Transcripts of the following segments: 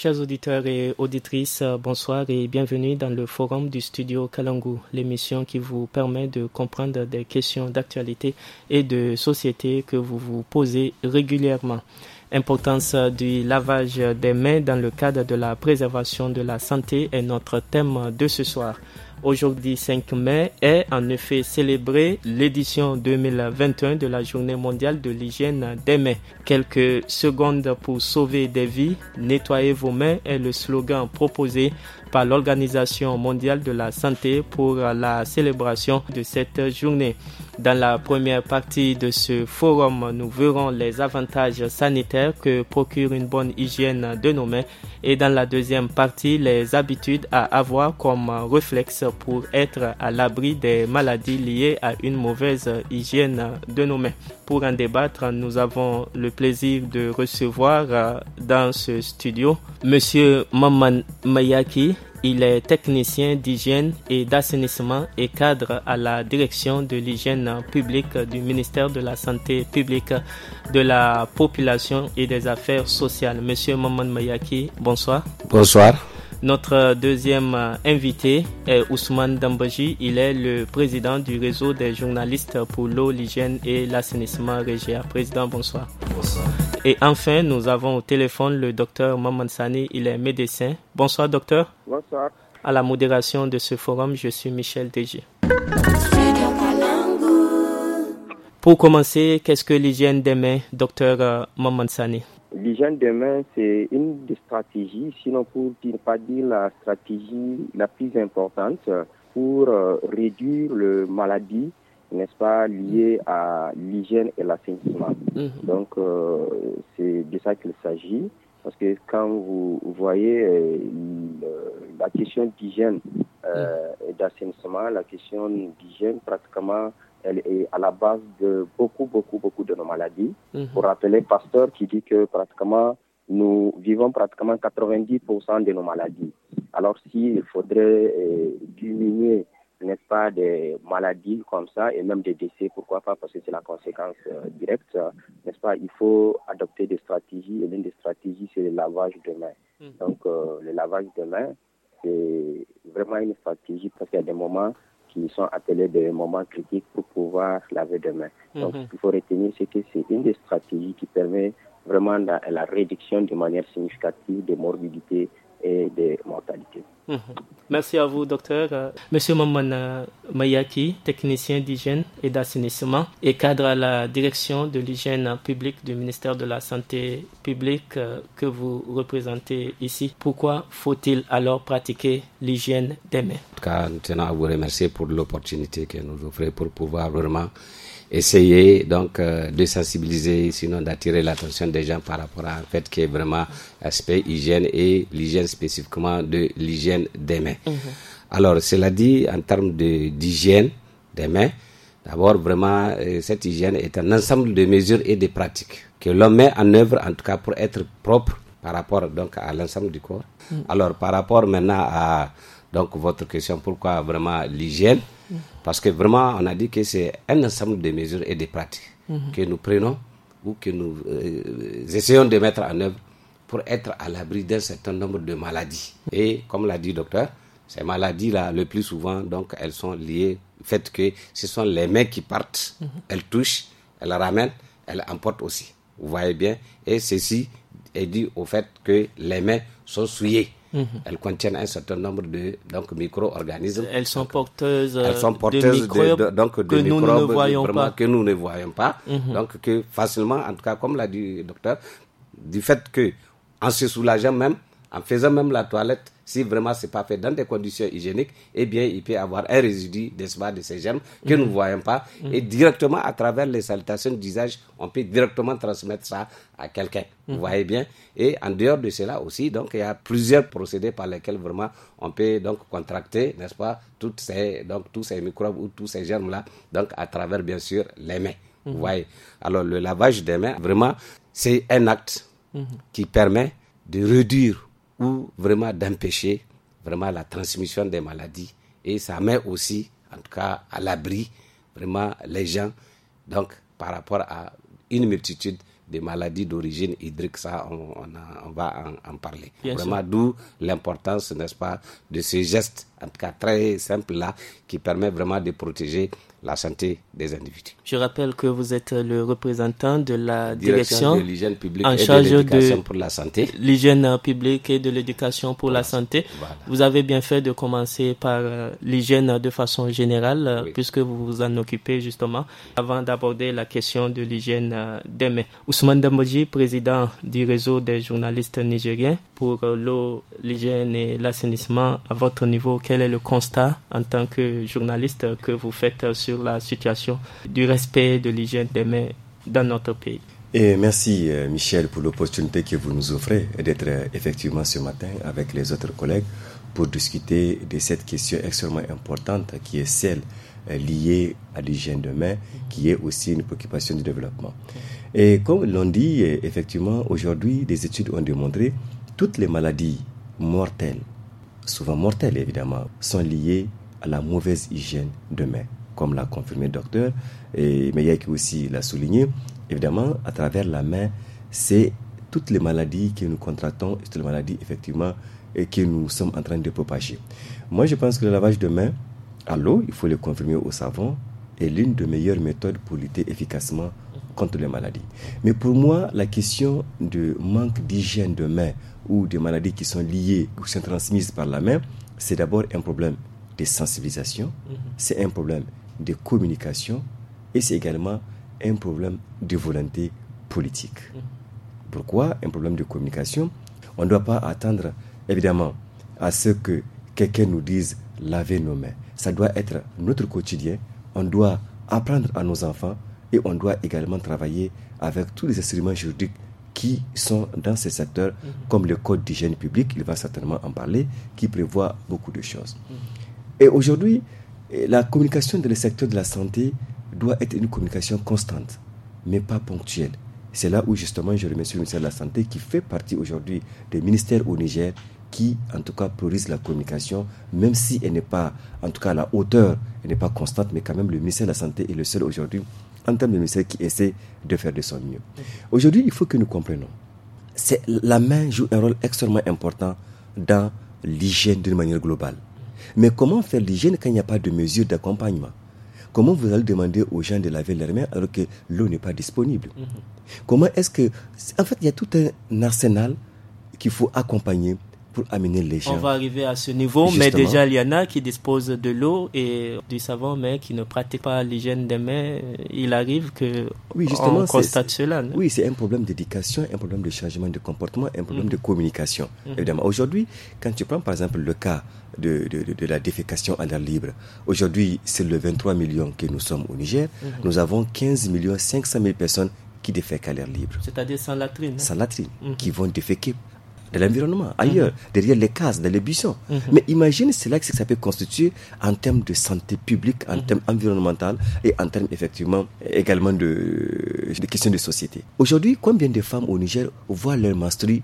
Chers auditeurs et auditrices, euh, bonsoir et bienvenue dans le forum du studio Kalangu, l'émission qui vous permet de comprendre des questions d'actualité et de société que vous vous posez régulièrement. Importance du lavage des mains dans le cadre de la préservation de la santé est notre thème de ce soir. Aujourd'hui 5 mai est en effet célébrée l'édition 2021 de la journée mondiale de l'hygiène des mains. Quelques secondes pour sauver des vies, nettoyez vos mains est le slogan proposé par l'Organisation mondiale de la santé pour la célébration de cette journée. Dans la première partie de ce forum, nous verrons les avantages sanitaires que procure une bonne hygiène de nos mains et dans la deuxième partie, les habitudes à avoir comme réflexe pour être à l'abri des maladies liées à une mauvaise hygiène de nos mains. Pour en débattre, nous avons le plaisir de recevoir euh, dans ce studio Monsieur Maman Mayaki, il est technicien d'hygiène et d'assainissement et cadre à la direction de l'hygiène publique du ministère de la Santé publique, de la population et des affaires sociales. Monsieur Maman Mayaki, bonsoir. Bonsoir. Notre euh, deuxième euh, invité est Ousmane Dambaji. Il est le président du réseau des journalistes pour l'eau, l'hygiène et l'assainissement Régia. Président, bonsoir. Bonsoir. Et enfin, nous avons au téléphone le docteur Mamansani, Il est médecin. Bonsoir, docteur. Bonsoir. À la modération de ce forum, je suis Michel Dégé. Pour commencer, qu'est-ce que l'hygiène des mains, docteur euh, Mamansani L'hygiène demain c'est une des stratégies, sinon pour ne pas dire la stratégie la plus importante pour euh, réduire le maladie, n'est-ce pas, liée à l'hygiène et l'assainissement. Mhm. Donc, euh, c'est de ça qu'il s'agit, parce que quand vous voyez euh, la question d'hygiène et d'assainissement, la question d'hygiène pratiquement elle est à la base de beaucoup, beaucoup, beaucoup de nos maladies. Mhm. Pour rappeler Pasteur qui dit que pratiquement, nous vivons pratiquement 90% de nos maladies. Alors s'il faudrait eh, diminuer, n'est-ce pas, des maladies comme ça et même des décès, pourquoi pas, parce que c'est la conséquence euh, directe, n'est-ce pas, il faut adopter des stratégies et l'une des stratégies, c'est le lavage de mains. Mhm. Donc euh, le lavage de mains, c'est vraiment une stratégie parce qu'il y a des moments qui sont appelés des moments critiques pour pouvoir laver demain. Mhm. Donc, ce qu'il faut retenir, c'est que c'est une des stratégies qui permet vraiment la, la réduction de manière significative des morbidités et de mortalité. Mhm. Merci à vous, docteur. Euh, Monsieur Maman euh, Mayaki, technicien d'hygiène et d'assainissement et cadre à la direction de l'hygiène publique du ministère de la Santé publique euh, que vous représentez ici. Pourquoi faut-il alors pratiquer l'hygiène des mains En tout cas, nous tenons à vous remercier pour l'opportunité que nous offrez pour pouvoir vraiment essayer donc euh, de sensibiliser, sinon d'attirer l'attention des gens par rapport à un fait qui est vraiment aspect hygiène et l'hygiène spécifiquement de l'hygiène des mains. Mhm. Alors, cela dit, en termes d'hygiène des mains, d'abord vraiment, euh, cette hygiène est un ensemble de mesures et de pratiques que l'on met en œuvre, en tout cas pour être propre par rapport donc à l'ensemble du corps. Mhm. Alors, par rapport maintenant à donc, votre question, pourquoi vraiment l'hygiène Parce que vraiment, on a dit que c'est un ensemble de mesures et de pratiques que nous prenons ou que nous euh, essayons de mettre en œuvre pour être à l'abri d'un certain nombre de maladies. Et comme l'a dit le docteur, ces maladies-là, le plus souvent, donc, elles sont liées au fait que ce sont les mains qui partent, elles touchent, elles ramènent, elles emportent aussi. Vous voyez bien Et ceci est dû au fait que les mains sont souillées. Mhm. Elles contiennent un certain nombre de donc micro-organismes. Elles sont porteuses, de microbes, que, nous ne voyons pas. que nous ne voyons pas. Mhm. Donc que facilement, en tout cas, comme l'a dit le docteur, du fait que en se soulageant même, en faisant même la toilette, si vraiment c'est pas fait dans des conditions hygiéniques, eh bien, il peut avoir un résidu, n'est-ce pas, de ces germes que nous ne mhm. voyons pas. Mhm. Et directement, à travers les salutations d'usage, on peut directement transmettre ça à quelqu'un. Vous mhm. voyez bien. Et en dehors de cela aussi, donc, il y a plusieurs procédés par lesquels vraiment on peut donc contracter, n'est-ce pas, toutes ces, donc, tous ces microbes ou tous ces germes-là, donc, à travers, bien sûr, les mains. Vous voyez. Alors, le lavage des mains, vraiment, c'est un acte qui permet de réduire ou vraiment d'empêcher vraiment la transmission des maladies. Et ça met aussi, en tout cas, à l'abri vraiment les gens donc par rapport à une multitude de maladies d'origine hydrique, ça, on, va en, parler. Vraiment, d'où l'importance, n'est-ce pas, de ces gestes en tout cas très simple là, qui permet vraiment de protéger la santé des individus. Je rappelle que vous êtes le représentant de la direction, de l'hygiène publique en et charge de l'éducation pour la santé. L'hygiène publique et de l'éducation pour la santé. Vous avez bien fait de commencer par euh, l'hygiène de façon générale, euh, puisque vous vous en occupez justement, avant d'aborder la question de l'hygiène euh, des mains. Ousmane demoji président du réseau des journalistes nigériens, pour euh, l'eau, l'hygiène et l'assainissement. À votre niveau, quel est le constat en tant que journaliste que vous faites sur la situation du respect de l'hygiène des mains dans notre pays et merci euh, Michel pour l'opportunité que vous nous offrez d'être euh, effectivement ce matin avec les autres collègues pour discuter de cette question extrêmement importante qui est celle liée à l'hygiène des mains, qui est aussi une préoccupation du développement. Et comme l'on dit, effectivement, aujourd'hui, des études ont démontré toutes les maladies mortelles, souvent mortelles évidemment, sont liées à la mauvaise hygiène de main... comme l'a confirmé le docteur, et Meyek aussi l'a souligné. Évidemment, à travers la main, c'est toutes les maladies que nous contractons, toutes les maladies effectivement et que nous sommes en train de propager. Moi, je pense que le lavage de main... à l'eau, il faut le confirmer au savon, est l'une des meilleures méthodes pour lutter efficacement contre les maladies. Mais pour moi, la question du manque d'hygiène de main ou des maladies qui sont liées ou qui sont transmises par la main, c'est d'abord un problème de sensibilisation, mhm. c'est un problème de communication et c'est également un problème de volonté politique. Mhm. Pourquoi un problème de communication On ne doit pas attendre, évidemment, à ce que quelqu'un nous dise laver nos mains. Ça doit être notre quotidien. On doit apprendre à nos enfants et on doit également travailler avec tous les instruments juridiques qui sont dans ces secteurs, mhm. comme le Code d'hygiène publique, il va certainement en parler, qui prévoit beaucoup de choses. Mhm. Et aujourd'hui, eh, la communication dans le secteur de la santé doit être une communication constante, mais pas ponctuelle. C'est là où justement je remercie le ministère de la Santé qui fait partie aujourd'hui des ministères au Niger qui, en tout cas, priorise la communication, même si elle n'est pas, en tout cas, à la hauteur, elle n'est pas constante, mais quand même, le ministère de la Santé est le seul aujourd'hui en termes de ministère qui essaie de faire de son mieux. Aujourd'hui, il faut que nous comprenions. C'est, la main joue un rôle extrêmement important dans l'hygiène d'une manière globale. Mais comment faire l'hygiène quand il n'y a pas de mesures d'accompagnement Comment vous allez demander aux gens de laver leurs mains alors que l'eau n'est pas disponible mhm. Comment est-ce que... En fait, il y a tout un arsenal qu'il faut accompagner pour amener les gens. On va arriver à ce niveau, mais déjà il y en a qui disposent de l'eau et du savon, mais qui ne pratiquent pas l'hygiène des mains. Il arrive que oui, justement, on constate cela. Oui, c'est un problème d'éducation, un problème de changement de comportement, un problème mm. de communication. Mm. Évidemment, aujourd'hui, quand tu prends par exemple le cas de, de, la défécation à l'air libre, aujourd'hui c'est le 23 millions que nous sommes au Niger. Mm-hmm. Nous avons 15 millions 500 000 personnes qui défèquent à l'air libre. C'est-à-dire sans latrine. Hein? Sans latrine, mm-hmm. qui vont déféquer de l'environnement, ailleurs, mhm. derrière les cases, dans les buissons. Mhm. Mais imagine cela que ça peut constituer en termes de santé publique, en mhm. termes environnemental et en termes effectivement également de, questions de société. Aujourd'hui, combien de femmes au Niger voient leur menstrue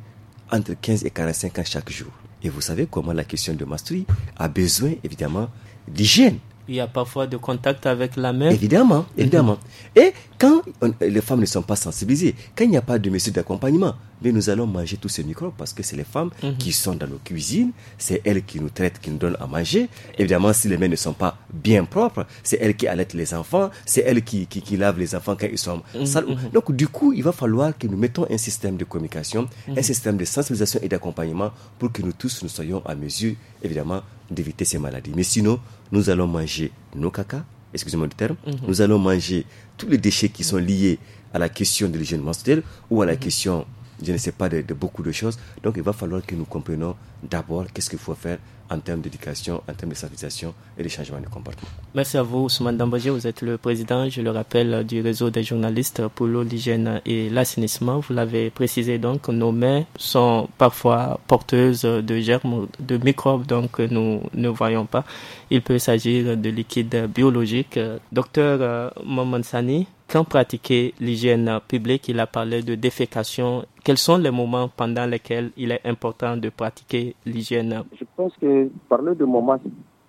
entre 15 et 45 ans chaque jour Et vous savez comment la question de menstrue a besoin évidemment d'hygiène il y a parfois de contact avec la mère. Évidemment, mhm. évidemment. Et quand les femmes ne sont pas sensibilisées, quand il n'y a pas de monsieur d'accompagnement, nous allons manger tous ces microbes parce que c'est les femmes mhm. qui sont dans nos cuisines, c'est elles qui nous traitent, qui nous donnent à manger. Évidemment, si les mains ne sont pas bien propres, c'est elles qui allaitent les enfants, c'est elles qui, qui, lavent les enfants quand ils sont mhm, Donc, du coup, il va falloir que nous mettons un système de communication, un système de sensibilisation et d'accompagnement pour que nous tous, nous soyons à mesure, évidemment, d'éviter ces maladies. Mais sinon, nous allons manger nos caca, excusez-moi le terme, mhm. nous allons manger tous les déchets qui sont liés à la question de l'hygiène menstruelle ou à la mhm. question, je ne sais pas, de, de, beaucoup de choses. Donc il va falloir que nous comprenions d'abord qu'est-ce qu'il faut faire en termes d'éducation, en termes de sensibilisation et de changement de comportement. Merci à vous, Ousmane Dambagé. Vous êtes le président, je le rappelle, du réseau des journalistes pour l'eau, l'hygiène et l'assainissement. Vous l'avez précisé, donc, nos mains sont parfois porteuses de germes, de microbes, donc nous ne voyons pas. Il peut s'agir de liquides biologiques. Docteur euh, Mamansani, quand pratiquer l'hygiène publique, il a parlé de défécation. Quels sont les moments pendant lesquels il est important de pratiquer l'hygiène Je pense que parler de moments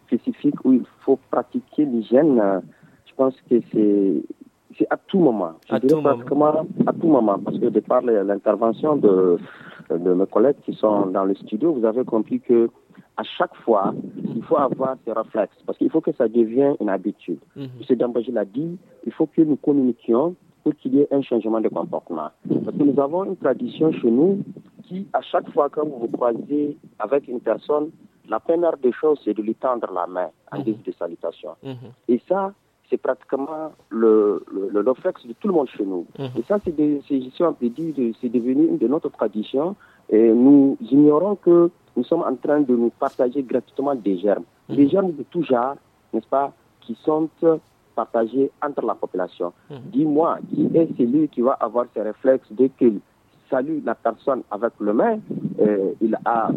spécifiques où il faut pratiquer l'hygiène, je pense que c'est à tout moment. Je à tout moment. à tout moment, parce que de par l'intervention de, de mes collègues qui sont dans le studio, vous avez compris que à chaque fois, il faut avoir ce réflexe, parce qu'il faut que ça devienne une habitude. M. Mhm. je l'a dit, il faut que nous communiquions pour qu'il y ait un changement de comportement. Parce que nous avons une tradition chez nous qui, à chaque fois que vous vous croisez avec une personne, la première des choses, c'est de lui tendre la main en mhm. guise de salutation. Mhm. Et ça, c'est pratiquement le, réflexe de tout le monde chez nous. Et ça, c'est, c'est, devenu une de notre tradition et nous ignorons que nous sommes en train de nous partager gratuitement des germes, mhm. des germes de tout genre, n'est-ce pas, qui sont partagés entre la population. Mhm. Dis-moi, qui est celui qui va avoir ses réflexes dès qu'il salue la personne avec le main, euh, il a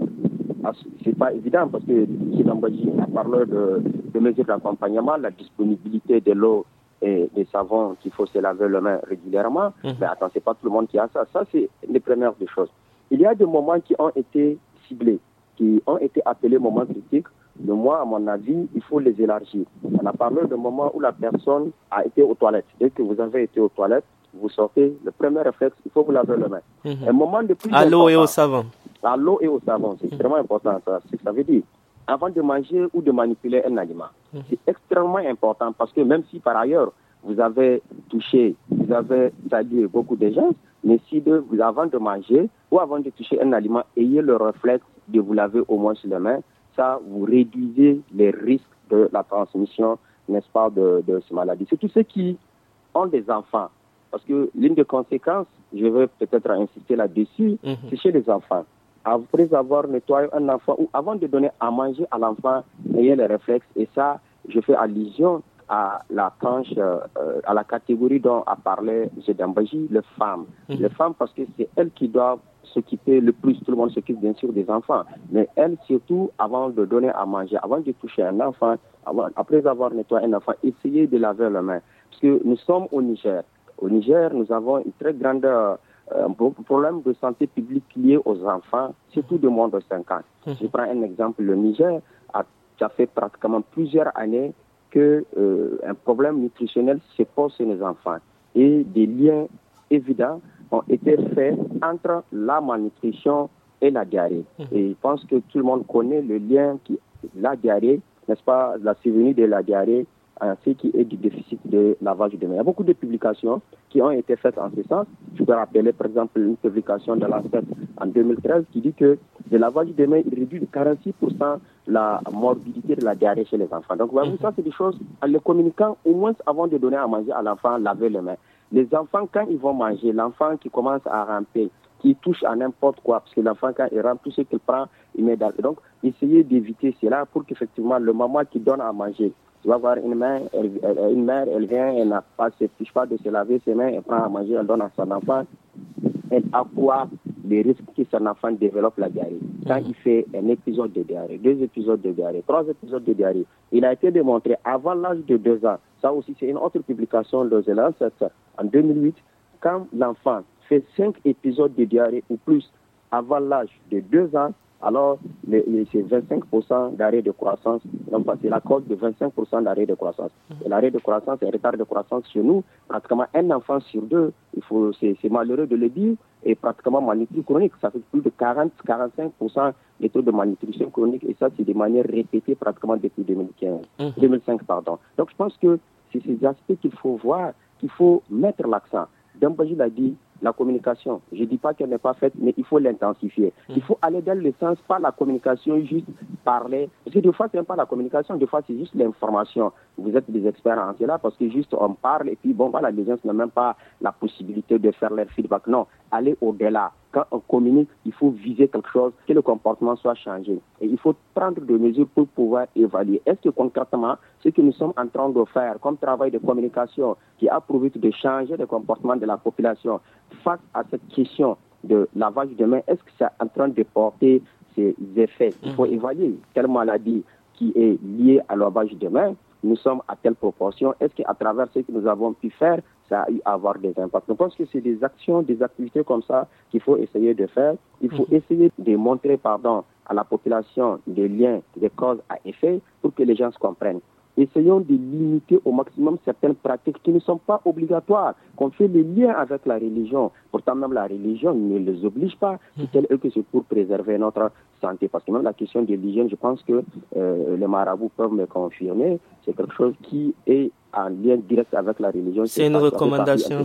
c'est pas évident parce que si a parlé de, de mesures d'accompagnement, la disponibilité de l'eau et des savons qu'il faut se laver les mains régulièrement. Mhm. Mais attends, c'est pas tout le monde qui a ça. Ça, c'est les premières des choses. Il y a des moments qui ont été ciblés, qui ont été appelés moments critiques. De moi, à mon avis, il faut les élargir. On a parlé de moment où la personne a été aux toilettes. Dès que vous avez été aux toilettes, vous sortez, le premier réflexe, il faut vous laver le mains. Mhm. Un moment de plus. À l'eau et au savon. À l'eau et au savon, c'est mhm. extrêmement important. Ça, ce que ça veut dire. Avant de manger ou de manipuler un aliment, mhm. c'est extrêmement important parce que même si par ailleurs vous avez touché, vous avez salué beaucoup de gens, mais si vous, avant de manger ou avant de toucher un aliment, ayez le réflexe de vous laver au moins sur les mains. Ça, vous réduisez les risques de la transmission, n'est-ce pas, de, de ces maladies. C'est tous ceux qui ont des enfants. Parce que l'une des conséquences, je vais peut-être insister là-dessus, mhm. c'est chez les enfants. Après avoir nettoyé un enfant ou avant de donner à manger à l'enfant, ayez le réflexe. Et ça, je fais allusion à la tranche, euh, à la catégorie dont a parlé M. Dambaji, les femmes. Mmh. Les femmes parce que c'est elles qui doivent s'occuper le plus, tout le monde s'occupe bien sûr des enfants, mais elles surtout, avant de donner à manger, avant de toucher un enfant, après avoir nettoyé un enfant, essayez de laver la main. Parce que nous sommes au Niger. Au Niger, nous avons une très grande... Euh, problème de santé publique lié aux enfants, surtout de moins de 5 ans. Mmh. Je prends un exemple, le Niger a, a fait pratiquement plusieurs années que euh, un problème nutritionnel se pose chez les enfants et des liens évidents ont été faits entre la malnutrition et la diarrhée. Mmh. Et je pense que tout le monde connaît le lien qui la diarrhée, n'est-ce pas, la survenue de la diarrhée ainsi qui est du déficit de lavage de main. Il y a beaucoup de publications qui ont été faites en ce sens. Je peux rappeler par exemple une publication de la CET en 2013 qui dit que de la voie du demain, il réduit de 46% la morbidité de la diarrhée chez les enfants. Donc, vous mhm. ça, c'est des choses, en les communiquant, au moins avant de donner à manger à l'enfant, laver les mains. Les enfants, quand ils vont manger, l'enfant qui commence à ramper, qui touche à n'importe quoi, parce que l'enfant, quand il rampe, tout ce qu'il prend, il met dans. Donc, essayez d'éviter cela pour qu'effectivement, le maman qui donne à manger, tu vas voir une mère, elle, une mère, elle vient, elle n'a pas, se fiche pas de se laver ses mains, elle prend à manger, elle donne à son enfant, elle a quoi des risques que son enfant développe la diarrhée. Quand il fait un épisode de diarrhée, deux épisodes de diarrhée, trois épisodes de diarrhée, il a été démontré avant l'âge de deux ans. Ça aussi, c'est une autre publication de en 2008. Quand l'enfant fait cinq épisodes de diarrhée ou plus avant l'âge de deux ans, alors c'est 25% d'arrêt de croissance, c'est la cause de 25% d'arrêt de croissance. Mmh. l'arrêt de croissance, un retard de croissance chez nous, pratiquement un enfant sur deux, il faut, c'est, malheureux de le dire, est pratiquement malnutrition chronique. Ça fait plus de 40-45% des taux de malnutrition chronique, et ça, c'est de manière répétée pratiquement depuis 2015, 2005, mmh. pardon. Donc, je pense que c'est ces aspects qu'il faut voir, qu'il faut mettre l'accent. Dambaji l'a dit, la communication. Je ne dis pas qu'elle n'est pas faite, mais il faut l'intensifier. Mm. Il faut aller dans le sens, pas la communication, juste parler. Parce que des fois, ce n'est pas la communication, des fois, c'est juste l'information. Vous êtes des experts en cela parce que juste on parle et puis bon, voilà, les gens n'ont même pas la possibilité de faire leur feedback. Non, allez au-delà quand on communique, il faut viser quelque chose, que le comportement soit changé. Et il faut prendre des mesures pour pouvoir évaluer. Est-ce que concrètement, ce que nous sommes en train de faire comme travail de communication qui a pour but de changer le comportement de la population face à cette question de lavage de mains, est-ce que c'est en train de porter ses effets Il faut mmh. évaluer quelle maladie qui est liée à lavage de mains nous sommes à telle proportion Est-ce qu'à travers ce que nous avons pu faire, ça a eu avoir des impacts. Je pense que c'est des actions, des activités comme ça qu'il faut essayer de faire. Il faut mhm. essayer de montrer, pardon, à la population des liens, des causes à effet pour que les gens se comprennent essayons de limiter au maximum certaines pratiques qui ne sont pas obligatoires, qu'on fait le liens avec la religion. Pourtant, même la religion ne les oblige pas, hmm. que c'est pour préserver notre santé. Parce que même la question de l'hygiène, je pense que euh, les marabouts peuvent me confirmer, c'est quelque chose qui est en lien direct avec la religion. C'est une recommandation.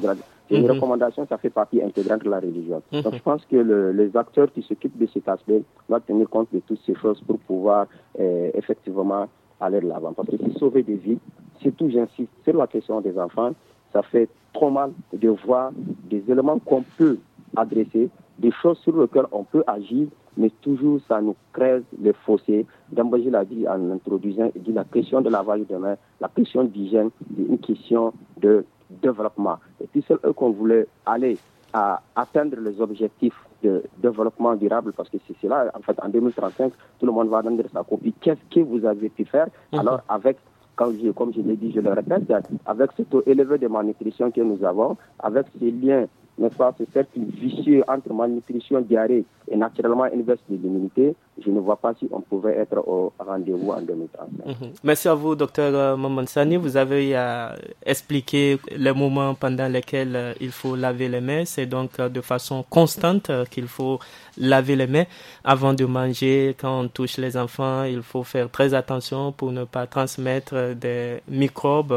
C'est une hmm. recommandation, ça fait partie intégrante de la religion. Hmm. Donc je pense que les acteurs qui s'occupent de cet aspect doivent tenir compte de toutes ces choses pour pouvoir euh, effectivement aller de l'avant. Parce que sauver des vies, surtout j'insiste sur la question des enfants, ça fait trop mal de voir des éléments qu'on peut adresser, des choses sur lesquelles on peut agir, mais toujours ça nous crée le fossé. Dambaji l'a dit en introduisant, il dit la question de la de main, la question d'hygiène, une question de développement. Et puis c'est eux qu'on voulait aller à atteindre les objectifs de développement durable, parce que c'est cela, en fait, en 2035, tout le monde va rendre sa copie. Qu'est-ce que vous avez pu faire Alors, avec comme je, comme je l'ai dit, je le répète, avec ce taux élevé de malnutrition que nous avons, avec ces liens, n'est-ce pas, ce cercle vicieux entre malnutrition, diarrhée et naturellement une baisse de l'immunité, je ne vois pas si on pouvait être au rendez-vous en 2030. Mhm. Merci à vous, docteur euh, Mamansani. Vous avez euh, expliqué les moments pendant lesquels euh, il faut laver les mains. C'est donc de façon constante qu'il faut laver les mains avant de manger. Quand on touche les enfants, il faut faire très attention pour ne pas transmettre des microbes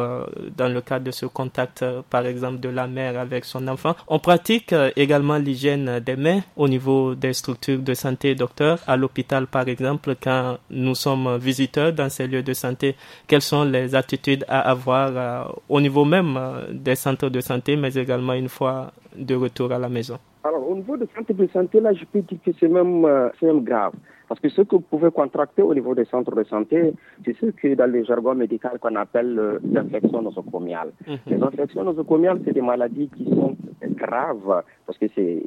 dans le cadre de ce contact, par exemple, de la mère avec son enfant. On pratique également l'hygiène des mains au niveau des structures de santé, docteur, à l'hôpital par exemple, quand nous sommes visiteurs dans ces lieux de santé, quelles sont les attitudes à avoir euh, au niveau même euh, des centres de santé, mais également une fois de retour à la maison Alors, au niveau des centres de santé, là, je peux dire que c'est même, euh, même grave. Parce que ce que vous pouvez contracter au niveau des centres de santé, c'est ce que dans le jargon médical qu'on appelle l'infection nosocomiale. Mhm. Les infections nosocomiales, c'est des maladies qui sont graves parce que c'est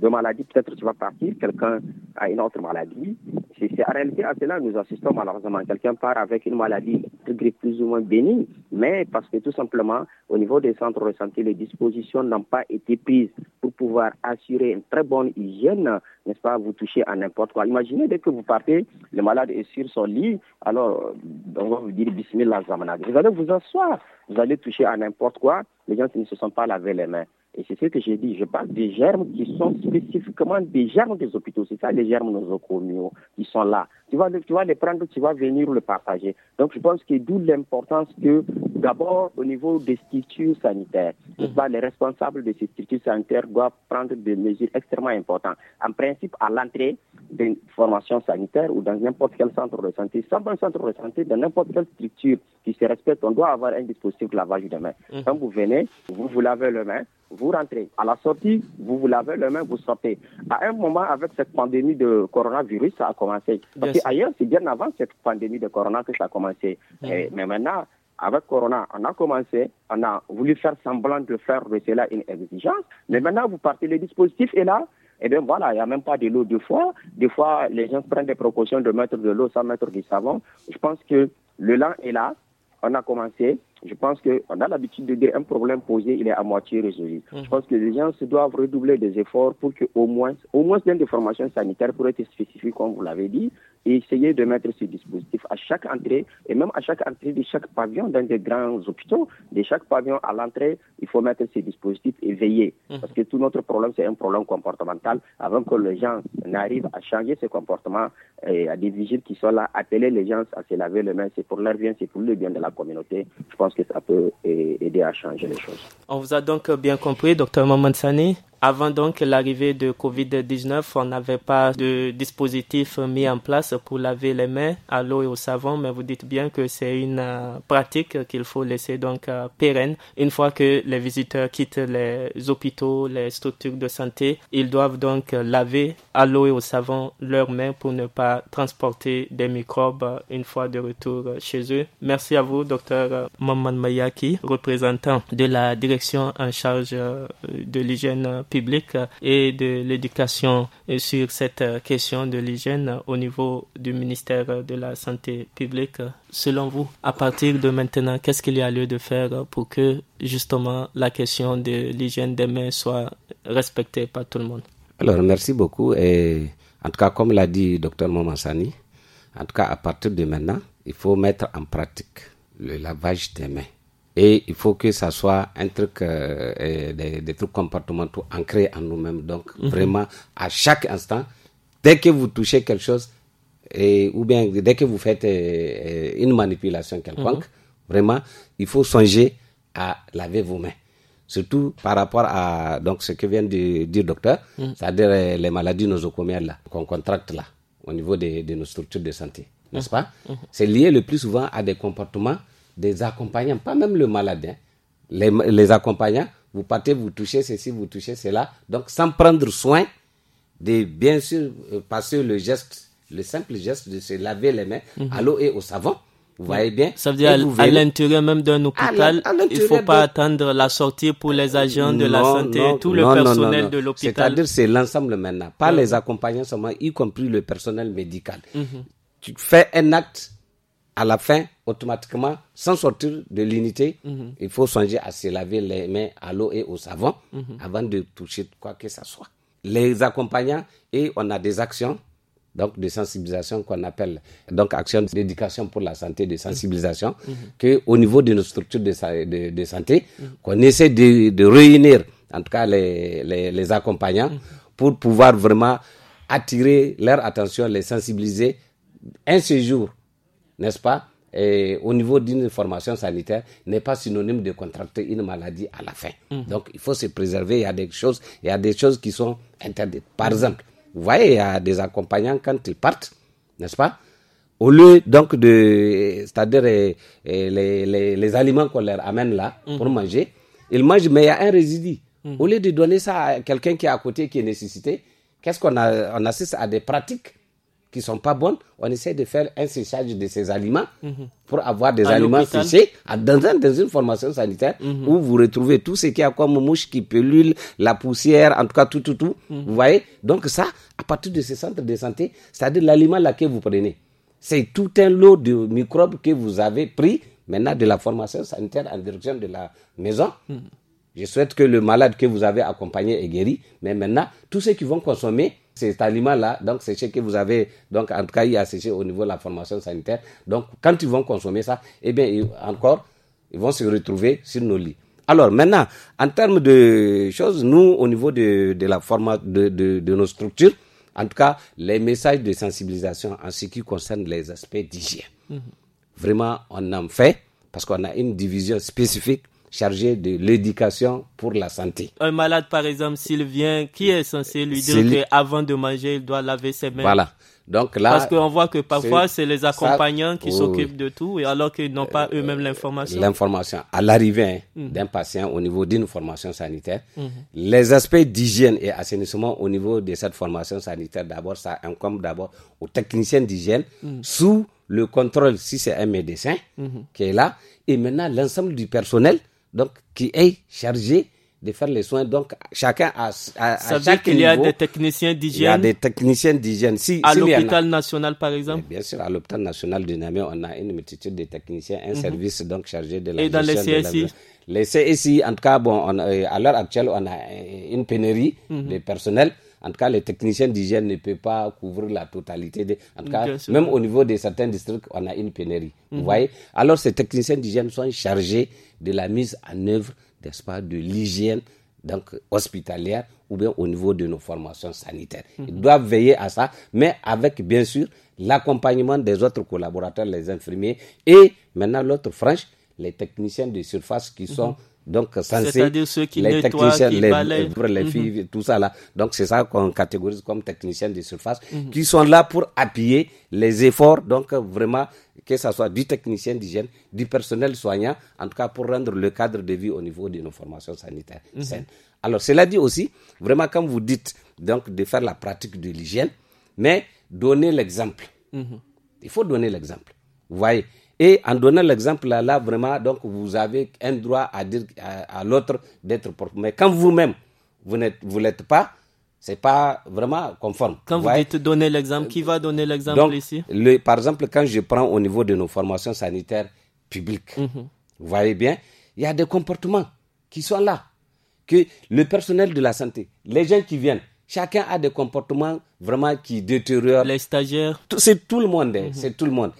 de maladie, peut-être tu vas partir, quelqu'un a une autre maladie. C'est en réalité à cela nous assistons malheureusement. Quelqu'un part avec une maladie de grippe plus ou moins bénigne, mais parce que tout simplement, au niveau des centres de santé, les dispositions n'ont pas été prises pour pouvoir assurer une très bonne hygiène, n'est-ce pas, vous touchez à n'importe quoi. Imaginez dès que vous partez, le malade est sur son lit, alors on va vous dire bismillah Vous allez vous asseoir, vous allez toucher à n'importe quoi, les gens qui ne se sont pas lavés les mains. Et c'est ce que j'ai dit. Je parle des germes qui sont spécifiquement des germes des hôpitaux. C'est ça les germes nosocomiaux qui sont là. Tu vas, tu vas les prendre, tu vas venir le partager. Donc je pense que d'où l'importance que d'abord au niveau des structures sanitaires, mm. les responsables de ces structures sanitaires doivent prendre des mesures extrêmement importantes. En principe, à l'entrée d'une formation sanitaire ou dans n'importe quel centre de santé, sans un centre de santé, dans n'importe quelle structure qui se respecte, on doit avoir un dispositif de lavage de mains. Mm. Quand vous venez, vous vous lavez les mains vous rentrez. À la sortie, vous vous lavez les mains, vous sortez. À un moment, avec cette pandémie de coronavirus, ça a commencé. Parce qu'ailleurs, c'est bien avant cette pandémie de corona que ça a commencé. Mhm. Eh, mais maintenant, avec Corona, on a commencé, on a voulu faire semblant de faire de cela une exigence. Mais maintenant, vous partez, le dispositif est là. Et eh bien voilà, il n'y a même pas de l'eau deux fois. Des fois, les gens prennent des précautions de mettre de l'eau sans mettre du savon. Je pense que le lent est là. On a commencé je pense qu'on a l'habitude de dire un problème posé, il est à moitié résolu. Mmh. Je pense que les gens se doivent redoubler des efforts pour que au moins, au moins il des formations sanitaires pour être spécifiques, comme vous l'avez dit, et essayer de mettre ce dispositifs à chaque entrée, et même à chaque entrée de chaque pavillon dans des grands hôpitaux, de chaque pavillon à l'entrée, il faut mettre ces dispositifs et veiller. Mmh. Parce que tout notre problème, c'est un problème comportemental. Avant que les gens n'arrivent à changer ce comportement, et à des vigiles qui sont là, appeler les gens à se laver les mains, c'est pour leur bien, c'est pour le bien de la communauté. Je pense que ça peut aider à changer les choses. On vous a donc bien compris, docteur Mamansani. Avant donc l'arrivée de Covid-19, on n'avait pas de dispositif mis en place pour laver les mains à l'eau et au savon, mais vous dites bien que c'est une euh, pratique qu'il faut laisser donc euh, pérenne. Une fois que les visiteurs quittent les hôpitaux, les structures de santé, ils doivent donc laver à l'eau et au savon leurs mains pour ne pas transporter des microbes une fois de retour chez eux. Merci à vous, docteur euh, Maman Mayaki, représentant de la direction en charge de l'hygiène publique euh, et de l'éducation euh, sur cette euh, question de l'hygiène au niveau du ministère de la Santé publique. Selon vous, à partir de maintenant, qu'est-ce qu'il y a lieu de faire pour que justement la question de l'hygiène des mains soit respectée par tout le monde Alors, merci beaucoup. Et en tout cas, comme l'a dit docteur Momansani, en tout cas, à partir de maintenant, il faut mettre en pratique le lavage des mains et il faut que ça soit un truc, euh, des, trucs comportementaux ancrés en nous-mêmes. Donc, mhm. vraiment, à chaque instant, dès que vous touchez quelque chose, et, ou bien dès que vous faites euh, une manipulation quelconque, mhm. vraiment, il faut songer à laver vos mains. Surtout par rapport à donc, ce que vient de dire le docteur, mhm. c'est-à-dire euh, les maladies nosocomiales qu'on contracte là, au niveau de nos structures de santé, n'est-ce pas C'est lié le plus souvent à des comportements des accompagnants, pas même le malade, les, accompagnants, vous partez, vous touchez ceci, vous touchez cela, donc sans prendre soin de bien sûr euh, passer le geste, le simple geste de se laver les mains mhm. à l'eau et au savon. Vous voyez bien Ça veut dire à, l'intérieur même d'un hôpital, il ne faut pas attendre la sortie pour les euh, agents de la santé, tout le personnel de l'hôpital. C'est-à-dire c'est l'ensemble maintenant, pas euh. les accompagnants seulement, y compris le personnel médical. Mhm. Tu fais un acte, à la fin, automatiquement, sans sortir de l'unité, mhm. il faut songer à se laver les mains à l'eau et au savon mhm. avant de toucher quoi que ce soit. Les accompagnants, et on a des actions donc de sensibilisation qu'on appelle donc action d'éducation pour la santé de sensibilisation qu'au mhm. que au niveau de nos structures de, de, santé qu'on essaie de, réunir en tout cas les, accompagnants pour pouvoir vraiment attirer leur attention les sensibiliser un séjour n'est-ce pas au niveau d'une formation sanitaire n'est pas synonyme de contracter une maladie à la fin. Mmh. Donc il faut se préserver. Il y a des choses, il y a des choses qui sont interdites. Par exemple, vous voyez, il y a des accompagnants quand ils partent, n'est-ce pas Au lieu donc de, c'est-à-dire eh, eh, les, les, les, aliments qu'on leur amène là mmh. pour manger, ils mangent, mais il y a un résidu. Mmh. Au lieu de donner ça à quelqu'un qui est à côté, qui est nécessité, qu'est-ce qu'on on assiste à des pratiques qui sont pas bonnes, on essaie de faire un séchage de ces aliments mhm. pour avoir des aliments aliments séchés dans, dans, une formation sanitaire mhm. où vous retrouvez tout ce qu'il y a comme mouche qui pelule, la poussière, en tout cas tout, tout, tout. Mhm. Vous voyez Donc ça, à partir de ces centres de santé, c'est-à-dire l'aliment là que vous prenez, c'est tout un lot de microbes que vous avez pris maintenant de la formation sanitaire en direction de la maison. Je souhaite que le malade que vous avez accompagné est guéri, mais maintenant, tous ceux qui vont consommer cet aliment-là, donc c'est ce que vous avez, donc en tout cas, il y a séché au niveau de la formation sanitaire. Donc, quand ils vont consommer ça, eh bien, encore, ils vont se retrouver sur nos lits. Alors maintenant, en termes de choses, nous, au niveau de, la formation de, nos structures, en tout cas, les messages de sensibilisation en ce qui concerne les aspects d'hygiène. Mhm. Vraiment, on en fait parce qu'on a une division spécifique chargé de l'éducation pour la santé. Un malade, par exemple, s'il vient, qui est censé lui dire qu'avant de manger, il doit laver ses mains Voilà. Donc là, Parce qu'on voit que parfois, c'est les accompagnants qui s'occupent de tout, et alors qu'ils n'ont pas euh, eux-mêmes l'information. L'information. À l'arrivée hein, mm. d'un patient au niveau d'une formation sanitaire, mm-hmm. les aspects d'hygiène et assainissement au niveau de cette formation sanitaire, d'abord, ça incombe d'abord aux techniciens d'hygiène mm. sous le contrôle, si c'est un médecin mm-hmm. qui est là, et maintenant l'ensemble du personnel donc qui est chargé de faire les soins. Donc, chacun a, à, chaque qu'il y a des techniciens d'hygiène. Il y a des techniciens d'hygiène. Si, à l'hôpital national, par exemple. bien sûr, à l'hôpital national du Namé, on a une multitude de techniciens, un mhm. service donc chargé de la Et dans les CSI. Les CSI, en tout cas, bon, euh, à l'heure actuelle, on a une pénurie mhm. de personnel. En tout cas, les techniciens d'hygiène ne peuvent pas couvrir la totalité. De, en tout cas, même au niveau de certains districts, on a une pénurie. Vous mhm. voyez Alors, ces techniciens d'hygiène sont chargés de la mise en œuvre, nest de l'hygiène donc hospitalière ou bien au niveau de nos formations sanitaires. Ils mhm. doivent veiller à ça, mais avec bien sûr l'accompagnement des autres collaborateurs, les infirmiers et maintenant l'autre franche, les techniciens de surface qui mhm. sont donc, cest ceux qui les les, les filles, mhm. tout ça là. Donc, c'est ça qu'on catégorise comme techniciens de surface, mhm. qui sont là pour appuyer les efforts, donc vraiment, que ce soit du technicien d'hygiène, du personnel soignant, en tout cas pour rendre le cadre de vie au niveau de nos formations sanitaires mhm. saines. Alors, cela dit aussi, vraiment, comme vous dites, donc, de faire la pratique de l'hygiène, mais donner l'exemple. Il faut donner l'exemple. Vous voyez et en donnant l'exemple là, là, vraiment, donc vous avez un droit à dire à, l'autre d'être propre. Mais quand vous-même, vous ne l'êtes pas, c'est pas vraiment conforme. Quand vous, dites donner l'exemple, qui va donner l'exemple ici Par exemple, quand je prends au niveau de nos formations sanitaires publiques, mhm. vous voyez bien, il y a des comportements qui sont là, que le personnel de la santé, les gens qui viennent, chacun a des comportements vraiment qui détériorent. Les stagiaires. C'est tout le monde, hein, mhm. c'est tout le monde.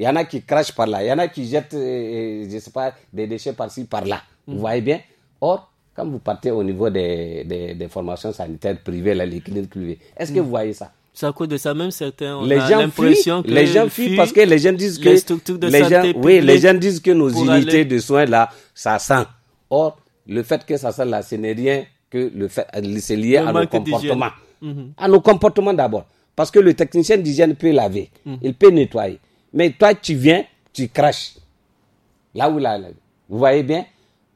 Il y en a qui crachent par là, il y en a qui jettent, euh, euh, je sais pas, des déchets par-ci, par-là. Vous mm. voyez bien Or, quand vous partez au niveau des, formations sanitaires privées, la les cliniques privées, est-ce que mm. vous voyez ça c'est à cause de ça même certains les gens l'impression que les gens fuient, parce que les gens disent que les gens, oui, les gens disent que nos unités de soins là, ça sent. Or, le fait que ça sent là, ce n'est rien que le fait, c'est lié à nos, comportements. Mm-hmm. À nos comportements d'abord, parce que le technicien d'hygiène peut laver, mm. il peut nettoyer, mais toi, tu viens, tu craches. Là où là, Vous voyez bien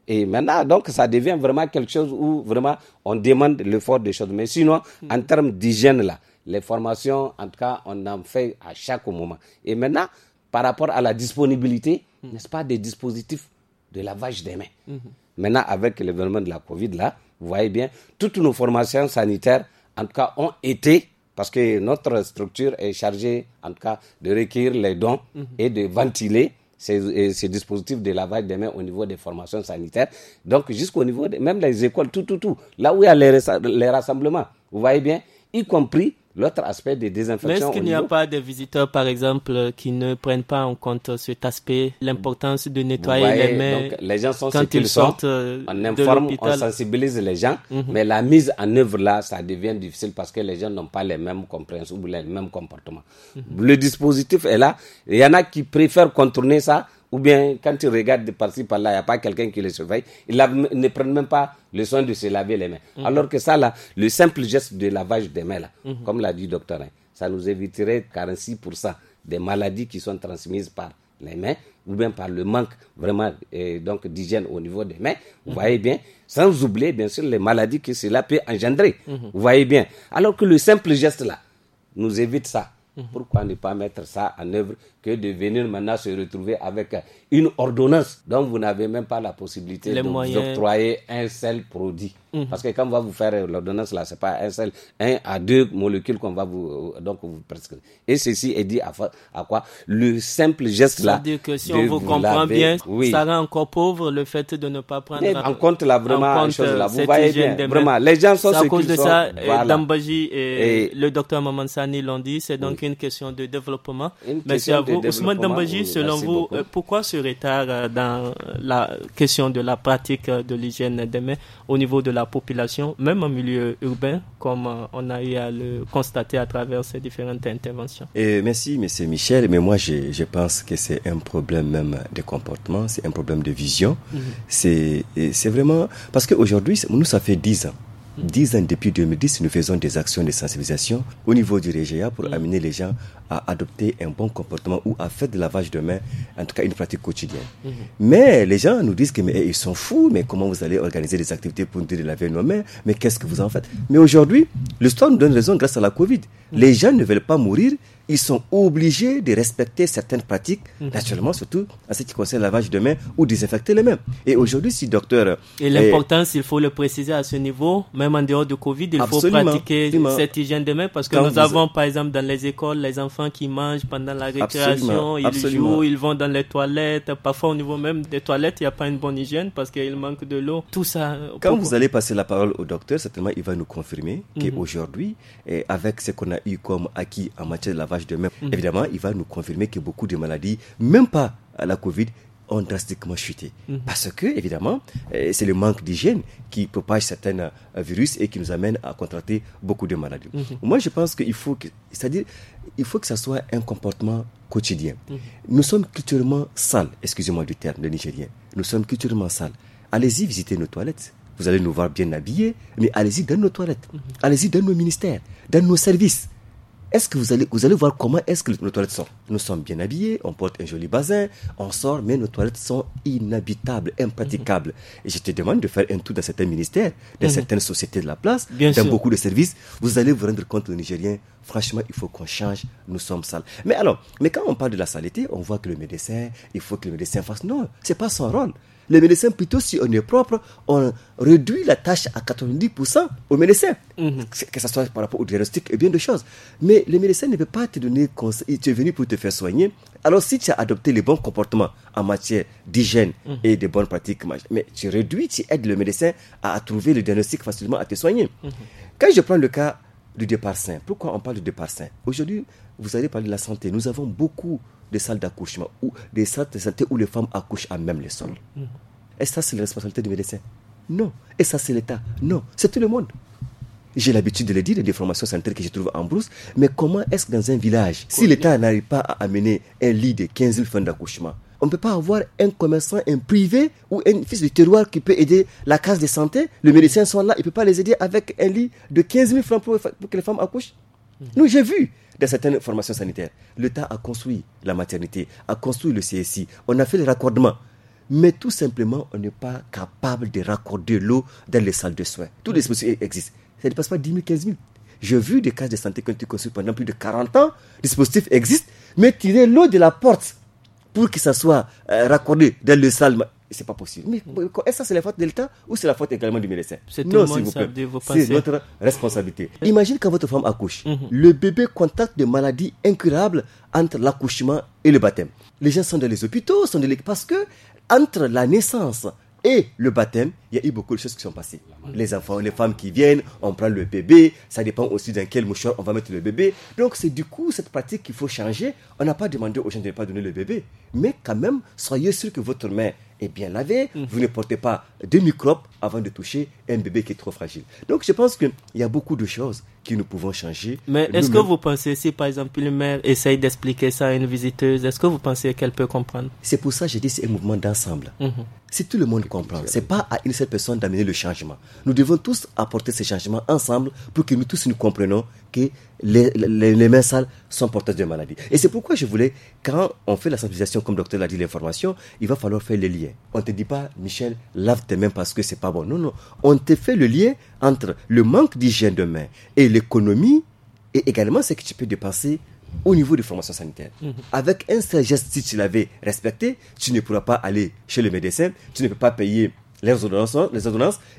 Et maintenant, donc, ça devient vraiment quelque chose où vraiment on demande l'effort des choses. Mais sinon, en termes d'hygiène, là, les formations, en tout cas, on en fait à chaque moment. Et maintenant, par rapport à la disponibilité, n'est-ce pas, des dispositifs de lavage des mains. Maintenant, avec l'événement de la Covid, là, vous voyez bien, toutes nos formations sanitaires, en tout cas, ont été parce que notre structure est chargée, en tout cas, de recueillir les dons mhm. et de ventiler ces, dispositifs de lavage des mains au niveau des formations sanitaires. Donc, jusqu'au niveau, même les écoles, tout, tout, tout, là où il y a les rassemblements, vous voyez bien, y compris l'autre aspect des désinfections. Est-ce qu'il n'y a pas des visiteurs, par exemple, qui ne prennent pas en compte cet aspect, l'importance de nettoyer les mains gens sont quand ils, sortent sont, euh, On informe, on sensibilise les gens, mhm. mais la mise en œuvre là, ça devient difficile parce que les gens n'ont pas les mêmes compréhensions ou les mêmes comportements. Mhm. Le dispositif est là. Il y en a qui préfèrent contourner ça ou bien quand ils regardent par-ci, par-là, il n'y a pas quelqu'un qui les surveille, ils ne prennent même pas le soin de se laver les mains. Mhm. Alors que ça, là, le simple geste de lavage des mains, mhm. comme l'a dit le docteur, hein, ça nous éviterait 46% des maladies qui sont transmises par les mains ou bien par le manque vraiment donc d'hygiène au niveau des mains, vous mhm. voyez bien, sans oublier bien sûr les maladies que cela peut engendrer, vous voyez bien. Alors que le simple geste là nous évite ça. Mhm. Pourquoi ne pas mettre ça en œuvre que de venir maintenant se retrouver avec une ordonnance dont vous n'avez même pas la possibilité d'octroyer de vous octroyer un seul produit Mhm. Parce que quand on va vous faire l'ordonnance, là, c'est pas un seul, un à deux molécules qu'on va vous, euh, donc vous prescrire. Et ceci est dit à, à quoi Le simple geste là. cest dire que si on vous, comprend bien, ça rend encore pauvre le fait de ne pas prendre en compte la vraiment chose là. Vous voyez bien, vraiment, les gens sont. C'est à cause de ça, Dambaji et, le docteur Mamansani l'ont dit. C'est donc une question de développement. Une merci à vous, Ousmane Dambaji. selon vous, euh, pourquoi ce retard euh, dans la question de la pratique de l'hygiène des mains au niveau de la population, même en milieu urbain, comme euh, on a eu à le constater à travers ces différentes interventions. Et merci, monsieur Michel. Mais moi, je, pense que c'est un problème même de comportement, c'est un problème de vision. Mhm. C'est vraiment. Parce qu'aujourd'hui, nous, ça fait 10 ans. Dix ans depuis 2010, nous faisons des actions de sensibilisation au niveau du RGA pour mm. amener les gens à adopter un bon comportement ou à faire de lavage de mains, en tout cas une pratique quotidienne. Mm-hmm. Mais les gens nous disent que ils sont fous, mais comment vous allez organiser des activités pour nous dire de laver nos mains Mais qu'est-ce que vous en faites Mais aujourd'hui, l'histoire nous donne raison grâce à la Covid. Mm. Les gens ne veulent pas mourir, ils sont obligés de respecter certaines pratiques, mhm. naturellement, surtout en ce qui concerne lavage de mains ou désinfecter les mains. Et aujourd'hui, si docteur. Et l'importance, euh, il faut le préciser à ce niveau, même en dehors de Covid, il faut pratiquer cette hygiène de mains parce que nous avons, par exemple, dans les écoles, les enfants qui mangent pendant la récréation, ils jouent, ils vont dans les toilettes. Parfois, au niveau même des toilettes, il n'y a pas une bonne hygiène parce qu'il manque de l'eau. Tout ça. Euh, Quand vous allez passer la parole au docteur, certainement, il va nous confirmer mhm. qu'aujourd'hui, eh, avec ce qu'on a eu comme acquis en matière de lavage, de même. Évidemment, il va nous confirmer que beaucoup de maladies, même pas la Covid, ont drastiquement chuté. Mhm. Parce que, évidemment, euh, c'est le manque d'hygiène qui propage certains euh, virus et qui nous amène à contracter beaucoup de maladies. Mhm. Moi, je pense qu'il faut que, c'est-à-dire, il faut que ça soit un comportement quotidien. Mhm. Nous sommes culturellement sales, excusez-moi du terme, de Nigérien. Nous sommes culturellement sales. Allez-y visiter nos toilettes. Vous allez nous voir bien habillés, mais allez-y dans nos toilettes. Allez-y dans nos ministères, dans nos services est-ce que vous allez, vous allez voir comment est-ce que nos toilettes sont Nous sommes bien habillés, on porte un joli bazin, on sort, mais nos toilettes sont inhabitables, impraticables. Et je te demande de faire un tour dans certains ministères, dans mhm. certaines sociétés de la place, bien dans beaucoup de services. Vous allez vous rendre compte, les Nigériens, franchement, il faut qu'on change, nous sommes sales. Mais alors, mais quand on parle de la saleté, on voit que le médecin, il faut que le médecin fasse. Non, c'est pas son rôle. Les médecins, plutôt, si on est propre, on réduit la tâche à 90% aux médecins, mhm. que ce soit par rapport au diagnostic et bien de choses. Mais le médecin ne peut pas te donner conseil. Tu es venu pour te faire soigner. Alors, si tu as adopté les bons comportements en matière d'hygiène mhm. et de bonnes pratiques, mais tu réduis, tu aides le médecin à, trouver le diagnostic facilement, à te soigner. Mhm. Quand je prends le cas du départ sain, pourquoi on parle du départ sain Aujourd'hui, vous allez parler de la santé. Nous avons beaucoup des salles d'accouchement ou des salles de santé où les femmes accouchent à même le sol. Mm-hmm. Est-ce ça, c'est la responsabilité du médecin. Non. Et ça, c'est l'État. Non. C'est tout le monde. J'ai l'habitude de le dire, des formations sanitaires que je trouve en brousse, mais comment est-ce dans un village, si l'État n'arrive pas à amener un lit de 15 000 femmes d'accouchement, on ne peut pas avoir un commerçant, un privé ou un fils de terroir qui peut aider la case de santé. le médecin sont là, il ne peut pas les aider avec un lit de 15 000 francs pour que les femmes accouchent. Mm. Nous, j'ai vu dans certaines formations sanitaires, l'État a construit la maternité, a construit le CSI, on a fait le raccordement. Mais tout simplement, on n'est pas capable de raccorder l'eau dans les salles de soins. Tous les mm. dispositifs existent. Ça ne passe pas 10 000, 15 000. J'ai vu des cases de santé qui ont été construites pendant plus de 40 ans. dispositifs existent, mais tirer l'eau de la porte pour que ça soit euh, raccordé dans les salles c'est pas possible. Mais est-ce que c'est la faute de l'État ou c'est la faute également du médecin C'est notre responsabilité. Imagine quand votre femme accouche, mhm. le bébé contacte des maladies incurables entre l'accouchement et le baptême. Les gens sont dans les hôpitaux, sont parce que entre la naissance et le baptême, il y a eu beaucoup de choses qui sont passées. Les enfants, les femmes qui viennent, on prend le bébé, ça dépend aussi dans quel mouchoir on va mettre le bébé. Donc c'est du coup cette pratique qu'il faut changer. On n'a pas demandé aux gens de ne pas donner le bébé, mais quand même, soyez sûr que votre mère bien lavé. Vous ne portez pas de microbes avant de toucher un bébé qui est trop fragile. Donc je pense qu'il y a beaucoup de choses que nous pouvons changer. Mais est-ce que vous pensez, si par exemple une mère essaye d'expliquer ça à une visiteuse, est-ce que vous pensez qu'elle peut comprendre C'est pour ça que j'ai dit c'est un mouvement d'ensemble. Mhm. Si tout le monde comprend, c'est pas à une seule personne d'amener le changement. Nous devons tous apporter ce changement ensemble pour que nous tous nous comprenions que les, mains sales sont porteurs de maladies. Et c'est pourquoi je voulais, quand on fait la sensibilisation, comme le docteur l'a dit, l'information, il va falloir faire le lien. On ne te dit pas, Michel, lave tes mains parce que c'est pas bon. Non, non. On te fait le lien entre le manque d'hygiène de mains et l'économie et également ce que tu peux dépenser au niveau de formation sanitaire mhm. Avec un seul geste, si tu l'avais respecté, tu ne pourras pas aller chez le médecin, tu ne peux pas payer les ordonnances, les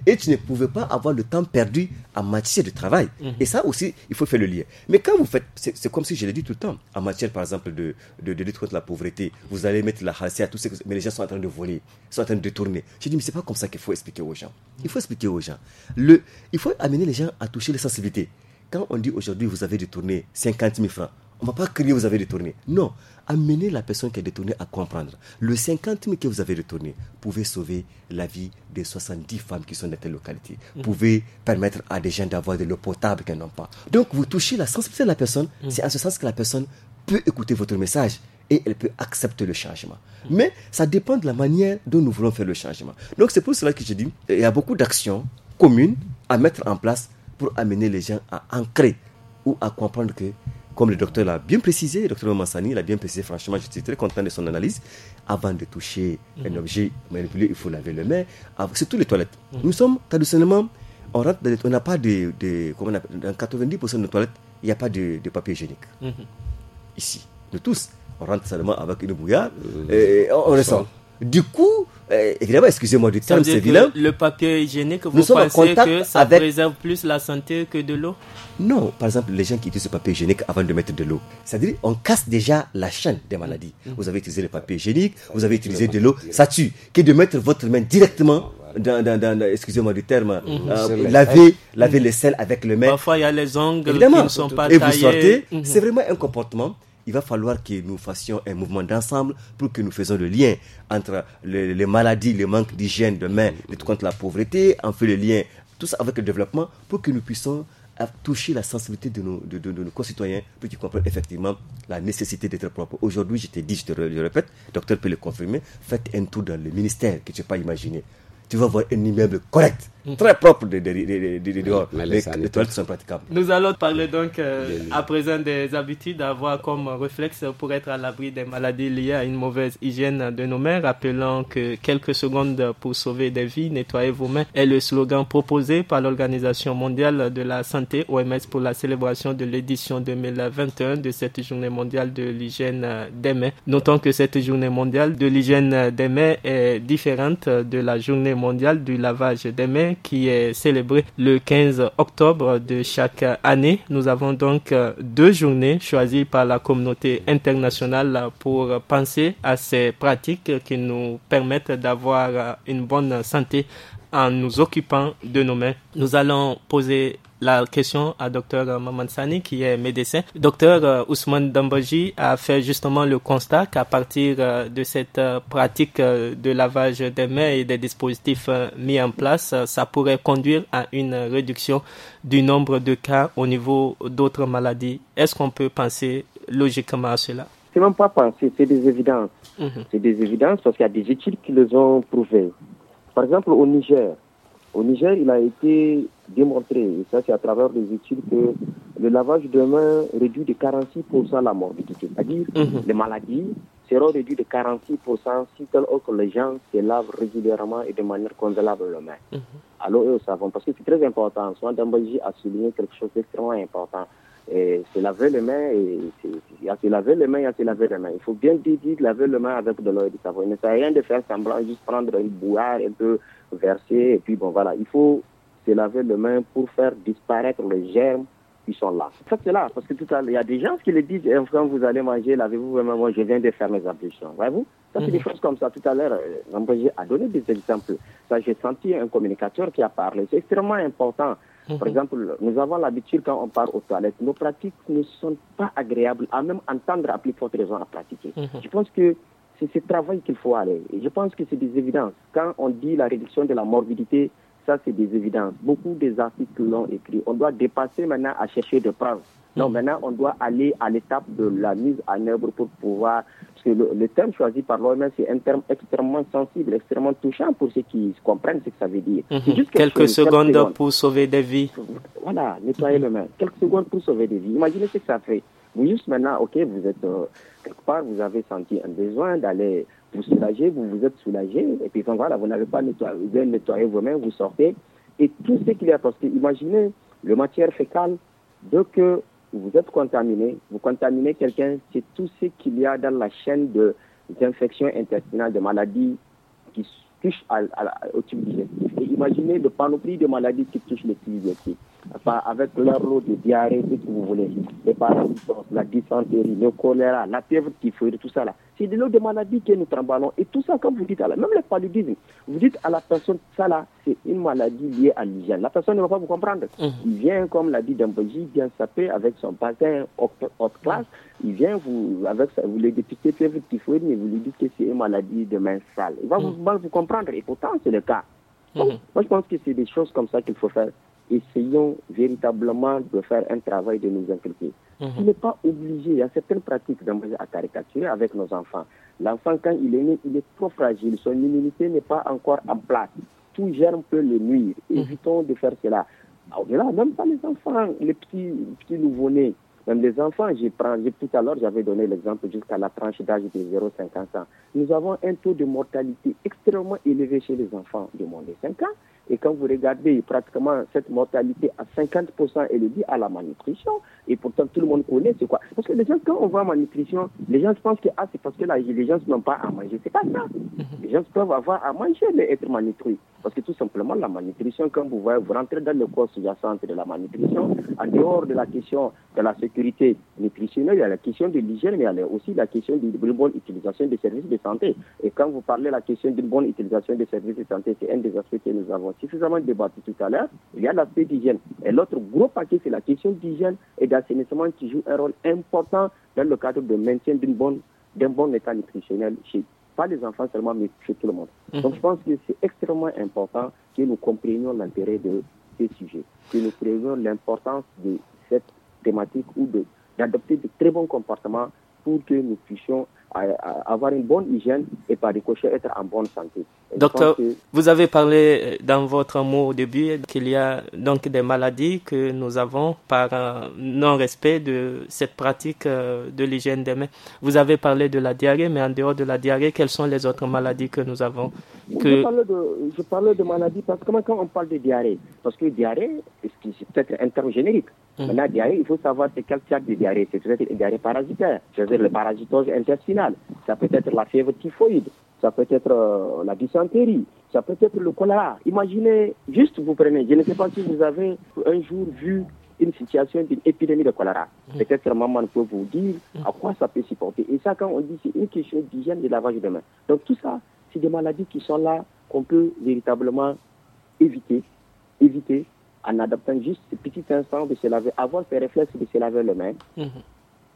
et tu ne pouvais pas avoir le temps perdu en matière de travail. Mhm. Et ça aussi, il faut faire le lien. Mais quand vous faites, c'est comme si je l'ai dit tout le temps, en matière par exemple de, de, lutte contre la pauvreté, vous allez mettre la à tout ce que. Mais les gens sont en train de voler, sont en train de détourner. Je dis, mais c'est pas comme ça qu'il faut expliquer aux gens. Il faut expliquer aux gens. Le, il faut amener les gens à toucher les sensibilités. Quand on dit aujourd'hui, vous avez détourné 50 000 francs, on ne va pas crier vous avez détourné. Non, amener la personne qui est détournée à comprendre. Le 50 000 que vous avez détourné pouvait sauver la vie des 70 femmes qui sont dans telle localité, mm. pouvait permettre à des gens d'avoir de l'eau potable qu'elles n'ont pas. Donc vous touchez la sensibilité de la personne, mm. c'est en ce sens que la personne peut écouter votre message et elle peut accepter le changement. Mm. Mais ça dépend de la manière dont nous voulons faire le changement. Donc c'est pour cela que je dis, il y a beaucoup d'actions communes à mettre en place pour amener les gens à ancrer ou à comprendre que comme le docteur l'a bien précisé, le docteur Massani l'a bien précisé, franchement, je suis très content de son analyse. Avant de toucher un mhm. objet manipulé, il faut laver les mains, surtout les toilettes. Mhm. Nous sommes traditionnellement, on rentre dans les, on n'a pas de, comment on appelle, dans 90% de toilettes, il n'y a pas de, papier hygiénique. Mhm. Ici, nous tous, on rentre seulement avec une bouillarde euh, et on, on du coup, euh, évidemment, excusez-moi du terme, c'est vilain. Le papier hygiénique, vous pensez que ça préserve plus la santé que de l'eau Non, par exemple, les gens qui utilisent le papier hygiénique avant de mettre de l'eau. C'est-à-dire, on casse déjà la chaîne des maladies. Mm-hmm. Vous avez utilisé le papier hygiénique, vous avez utilisé de l'eau, ça tue. Que de mettre votre main directement ah, dans, excusez-moi du terme, mm-hmm. euh, laver, laver mm-hmm. les selles avec le main. Parfois, il y a les ongles qui ne sont pas Et vous sortez, c'est vraiment un comportement il va falloir que nous fassions un mouvement d'ensemble pour que nous faisions le lien entre les, maladies, le manque d'hygiène de main, contre la pauvreté, en fait le lien, tout ça avec le développement, pour que nous puissions toucher la sensibilité de nos, de, nos concitoyens pour qu'ils comprennent effectivement la nécessité d'être propre. Aujourd'hui, je te dis, je te le répète, docteur peut le confirmer, faites un tour dans le ministère que tu n'as pas imaginé. Tu vas voir un immeuble correct Mhm. très propre de, de, de, dehors. les, toilettes sont praticables. Nous allons parler donc euh, à présent des habitudes à avoir comme réflexe pour être à l'abri des maladies liées à une mauvaise hygiène de nos mains. rappelons que quelques secondes pour sauver des vies, nettoyez vos mains est le slogan proposé par l'Organisation mondiale de la santé OMS pour la célébration de l'édition 2021 de cette journée mondiale de l'hygiène des mains. Notons que cette journée mondiale de l'hygiène des mains est différente de la journée mondiale du lavage des mains qui est célébré le 15 octobre de chaque année. Nous avons donc euh, deux journées choisies par la communauté internationale euh, pour penser à ces pratiques qui nous permettent d'avoir euh, une bonne santé en nous occupant de nos mains. Nous allons poser la question à Dr euh, Mamansani qui est médecin. Dr euh, Ousmane Dambaji a fait justement le constat qu'à partir euh, de cette pratique de lavage des mains et des dispositifs mis en place, ça pourrait conduire à une réduction du nombre de cas au niveau d'autres maladies. Est-ce qu'on peut penser logiquement à cela C'est même pas penser, c'est des évidences. Mhm. C'est des évidences parce qu'il y a des études qui les ont prouvées. Par exemple, au Niger, au Niger, il a été démontré, et ça c'est à travers des études, que le lavage de mains réduit de 46% la morbidité. C'est-à-dire, mhm. les maladies seront réduites de 46% si tel autre les gens se lavent régulièrement et de manière consolable les mains. Mhm. Alors, eux savons, parce que c'est très important. soit Dambaji a souligné quelque chose d'extrêmement important se laver les mains et il y a se laver les mains, il y a se laver les mains. Il faut bien dire, dire laver les mains avec de l'eau et du savon. Il ne sert rien de faire semblant, juste prendre une bouillarde, un peu verser et puis bon voilà. Il faut se laver les mains pour faire disparaître les germes qui sont là. c'est là, parce que tout à l'heure, il y a des gens qui le disent, eh, quand vous allez manger, lavez-vous vraiment, moi je viens de faire mes ablutions. Voyez-vous Ça, c'est des mhm. choses comme ça. Tout à l'heure, euh, a donné des exemples. Ça, j'ai senti un communicateur qui a parlé. C'est extrêmement important. Mhm. Par exemple, nous avons l'habitude quand on part aux toilettes, nos pratiques ne sont pas agréables à même entendre à plus forte raison à pratiquer. Mhm. Je pense que c'est ce travail qu'il faut aller. je pense que c'est des évidences. Quand on dit la réduction de la morbidité, ça c'est des évidences. Beaucoup des articles l'ont écrit. On doit dépasser maintenant à chercher des preuves. Non, maintenant, on doit aller à l'étape de la mise en œuvre pour pouvoir. Parce que le, terme choisi par l'OMS, c'est un terme extrêmement sensible, extrêmement touchant pour ceux qui comprennent ce que ça veut dire. Mhm. juste quelques, secondes, pour sauver des vies. Voilà, nettoyer les mains. Quelques secondes pour sauver des vies. Imaginez ce que ça fait. Vous, juste maintenant, OK, vous êtes euh, quelque part, vous avez senti un besoin d'aller vous soulager, vous vous êtes soulagé, et puis donc, voilà, vous n'avez pas nettoyé, vous avez vos mains, vous sortez, et tout ce qu'il y a, parce que imaginez, le matière fécale, de que vous êtes contaminé, vous contaminez quelqu'un, c'est tout ce qu'il y a dans la chaîne de, intestinales, de maladies qui touchent au tube Et imaginez le panoplie de maladies qui touchent le tube digestif avec leur lot de diarrhée, ce que vous voulez, les parasites, la dysenterie, le choléra, la fièvre qui tout ça là. C'est de l'eau de maladie que nous tremblons. Et tout ça, comme vous dites à la, même le paludisme, vous dites à la personne, ça là, c'est une maladie liée à l'hygiène. La personne ne va pas vous comprendre. Mmh. Il vient, comme l'a dit Damboji, bien sapé, avec son patin haute, classe. Il vient vous, avec ça, vous le fièvre typhoïde, vous lui dites que c'est une maladie de main sale. Il va mmh. vous, comprendre. Et pourtant, c'est le cas. Mmh. moi, je pense que c'est des choses comme ça qu'il faut faire essayons véritablement de faire un travail de nous inculquer. Il mhm. n'est pas obligé, il y a certaines pratiques à caricaturer avec nos enfants. L'enfant, quand il est né, il est trop fragile, son immunité n'est pas encore en place. Tout germe peut le nuire. Mhm. Évitons de faire cela. Au-delà, même pas les enfants, les petits, petits nouveau-nés, même les enfants, j'ai pris tout à l'heure, j'avais donné l'exemple jusqu'à la tranche d'âge de 0,50 ans. Nous avons un taux de mortalité extrêmement élevé chez les enfants de moins de 5 ans. Et quand vous regardez pratiquement cette mortalité à 50%, elle est liée à la malnutrition. Et pourtant, tout le monde connaît c'est quoi. Parce que les gens, quand on voit malnutrition, les gens pensent que ah, c'est parce que les gens n'ont pas à manger. C'est pas ça. Mhm. Les gens peuvent avoir à manger, mais être malnutris. Parce que tout simplement, la malnutrition, quand vous voyez, vous rentrez dans le corps sous-jacent de la malnutrition, en dehors de la question de la sécurité nutritionnelle, il y a la question de l'hygiène, mais il y a aussi la question d'une bonne utilisation des services de santé. Et quand vous parlez de la question d'une bonne utilisation des services de santé, c'est un des aspects que nous avons suffisamment débattu tout à l'heure, il y a l'aspect d'hygiène. Et l'autre gros paquet, c'est la question d'hygiène et d'assainissement qui joue un rôle important dans le cadre de maintien d'une bonne, d'un bon état nutritionnel chez pas les enfants seulement, mais chez tout le monde. Mmh. Donc je pense que c'est extrêmement important que nous comprenions l'intérêt de ces sujets, que nous prenions l'importance de cette thématique ou de, d'adopter de très bons comportements pour que nous puissions euh, euh, avoir une bonne hygiène et par ricochet être en bonne santé. Docteur, vous avez parlé euh, dans votre mot au début qu'il y a donc des maladies que nous avons par euh, non-respect de cette pratique euh, de l'hygiène des mains. Vous avez parlé de la diarrhée, mais en dehors de la diarrhée, quelles sont les autres maladies que nous avons Je, parle de, maladies parce que quand on parle de diarrhée, parce que diarrhée, c'est peut-être un terme générique. Mmh. diarrhée, il faut savoir c'est quel type de diarrhée. C'est peut-être une diarrhée parasitaire, c'est-à-dire le parasitose intestinal. Ça peut être la fièvre typhoïde, ça peut être euh, la dysenterie, ça peut être le choléra. Imaginez, juste vous prenez, je ne sais pas si vous avez un jour vu une situation d'une épidémie de choléra. Mm. Peut-être maman peut vous dire à quoi ça peut supporter. Et ça, quand on dit c'est une question d'hygiène de lavage de mains. Donc tout ça, c'est des maladies qui sont là qu'on peut véritablement éviter, éviter en adaptant juste ce petit instant de se laver, avoir ce réflexe de se laver les mains mm-hmm.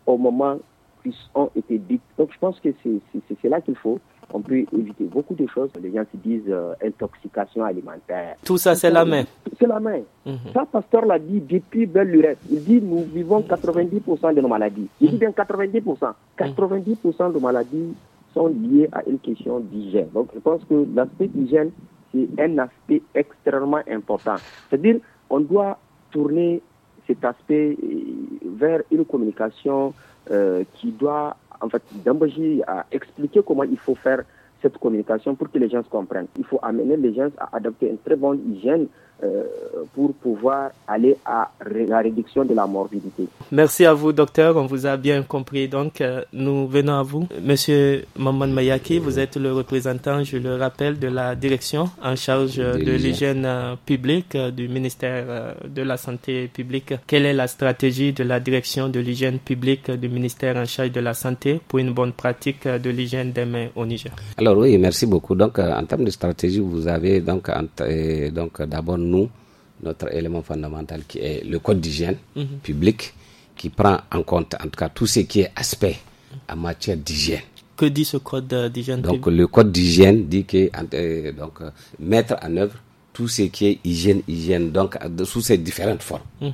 au moment ils ont été dites. Donc je pense que c'est là qu'il faut on peut éviter beaucoup de choses. Les gens se disent euh, intoxication alimentaire. Tout ça, c'est la main. C'est la main. Mhm. Ça, Pasteur l'a dit depuis belle lurette. Il dit nous vivons 90% mhm. de nos maladies. Il dit mhm. bien 90%. 90% de maladies sont liées à une question d'hygiène. Donc, je pense que l'aspect d'hygiène, c'est un aspect extrêmement important. C'est-à-dire, on doit tourner cet aspect euh, vers une communication euh, qui doit en fait, Dambaji a expliqué comment il faut faire cette communication pour que les gens se comprennent. Il faut amener les gens à adopter une très bonne hygiène euh, pour pouvoir aller à la réduction de la morbidité. Merci à vous, docteur. On vous a bien compris. Donc, euh, nous venons à vous. Monsieur Maman Mayaki, vous êtes le représentant, je le rappelle, de la direction en charge de l'hygiène euh, publique du ministère de la Santé publique. Quelle est la stratégie de la direction de l'hygiène publique du ministère en charge de la Santé pour une bonne pratique de l'hygiène des mains au Niger Alors oui, merci beaucoup. Donc, en termes de stratégie, vous avez donc, donc d'abord nous notre élément fondamental qui est le code d'hygiène mhm. public qui prend en compte en tout cas tout ce qui est aspect en matière d'hygiène. Que dit ce code euh, d'hygiène Donc le code d'hygiène dit que euh, donc euh, mettre en œuvre tout ce qui est hygiène hygiène donc sous ses différentes formes. Mhm.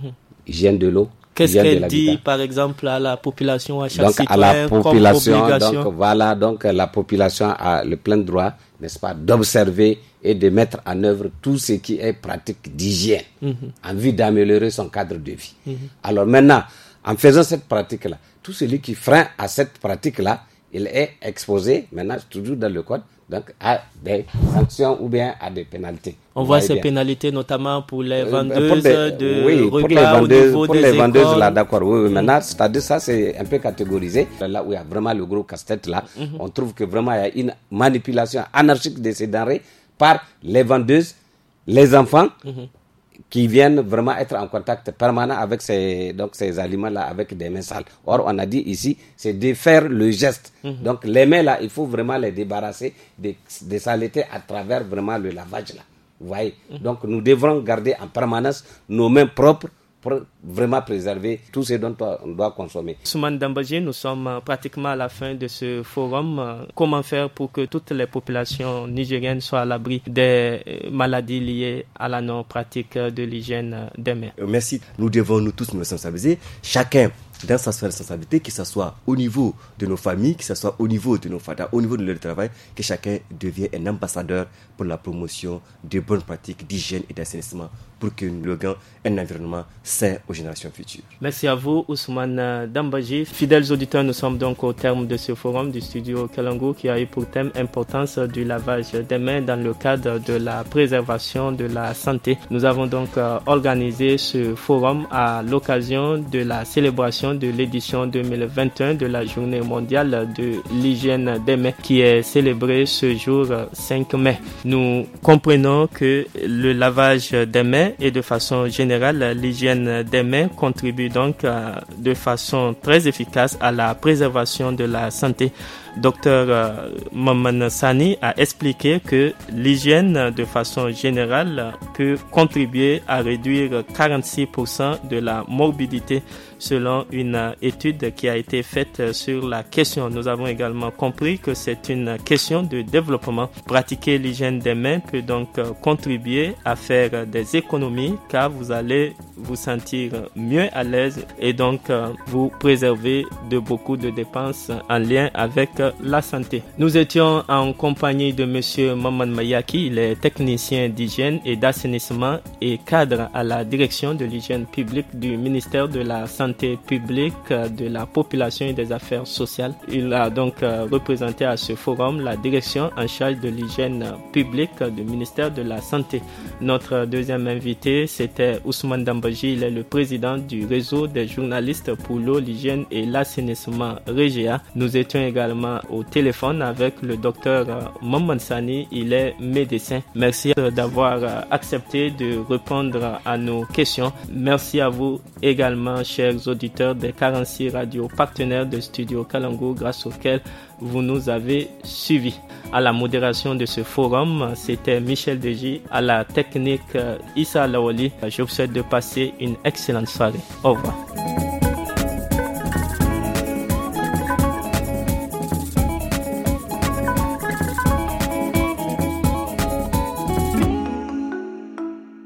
Hygiène de l'eau, Qu'est-ce qu'elle dit, par exemple, à la population, à chaque donc, la population, donc, voilà, donc la population a le plein droit, n'est-ce pas, d'observer et de mettre en œuvre tout ce qui est pratique d'hygiène mhm. en vue d'améliorer son cadre de vie. Mhm. Alors maintenant, en faisant cette pratique-là, tout celui qui freine à cette pratique-là, il est exposé, maintenant toujours dans le code, donc à des sanctions ou bien à des pénalités. On voit ces pénalités notamment pour les euh, ben, vendeuses pour de oui, pour les vendeurs, pour les vendeuses là, d'accord. Oui, mhm. maintenant, c'est-à-dire ça, c'est un peu catégorisé. Là où il y a vraiment le gros casse-tête là, on trouve que vraiment il y a une manipulation anarchique de ces denrées par les vendeuses, les enfants, qui viennent vraiment être en contact permanent avec ces, donc ces aliments-là, avec des mains sales. Or, on a dit ici, c'est de faire le geste. Donc, les mains-là, il faut vraiment les débarrasser des, saletés à travers vraiment le lavage-là. Vous voyez Donc, nous devrons garder en permanence nos mains propres pour vraiment préserver tout ce dont on doit consommer. Soumane Dambadji, nous sommes euh, pratiquement à la fin de ce forum. Euh, comment faire pour que toutes les populations nigériennes soient à l'abri des euh, maladies liées à la non-pratique de l'hygiène des mains Merci. Nous devons nous tous nous sensibiliser. Chacun dans sa responsabilité, que ce soit au niveau de nos familles, que ce soit au niveau de nos fadas, au niveau de leur travail, que chacun devienne un ambassadeur pour la promotion des bonnes pratiques d'hygiène et d'assainissement pour que nous gain un environnement sain aux générations futures. Merci à vous, Ousmane Dambaji. Fidèles auditeurs, nous sommes donc au terme de ce forum du studio Kalango qui a eu pour thème importance du lavage des mains dans le cadre de la préservation de la santé. Nous avons donc euh, organisé ce forum à l'occasion de la célébration de l'édition 2021 de la Journée mondiale de l'hygiène des mains qui est célébrée ce jour 5 mai. Nous comprenons que le lavage des mains et de façon générale l'hygiène des mains contribue donc euh, de façon très efficace à la préservation de la santé. Docteur euh, Maman Sani a expliqué que l'hygiène de façon générale peut contribuer à réduire 46% de la morbidité selon une étude qui a été faite sur la question. Nous avons également compris que c'est une question de développement. Pratiquer l'hygiène des mains peut donc contribuer à faire des économies car vous allez vous sentir mieux à l'aise et donc euh, vous préserver de beaucoup de dépenses en lien avec la santé. Nous étions en compagnie de monsieur Maman Mayaki, il est technicien d'hygiène et d'assainissement et cadre à la direction de l'hygiène publique du ministère de la Santé public publique, euh, de la population et des affaires sociales. Il a donc euh, représenté à ce forum la direction en charge de l'hygiène euh, publique du ministère de la Santé. Notre deuxième invité, c'était Ousmane Dambaji. Il est le président du réseau des journalistes pour l'eau, l'hygiène et l'assainissement Régia. Nous étions également au téléphone avec le docteur Mamansani. Il est médecin. Merci d'avoir accepté de répondre à nos questions. Merci à vous également, chers auditeurs des 46 radios partenaires de Studio Kalango grâce auxquels vous nous avez suivis. À la modération de ce forum, c'était Michel Deji, à la technique Issa Laoli. Je vous souhaite de passer une excellente soirée. Au revoir.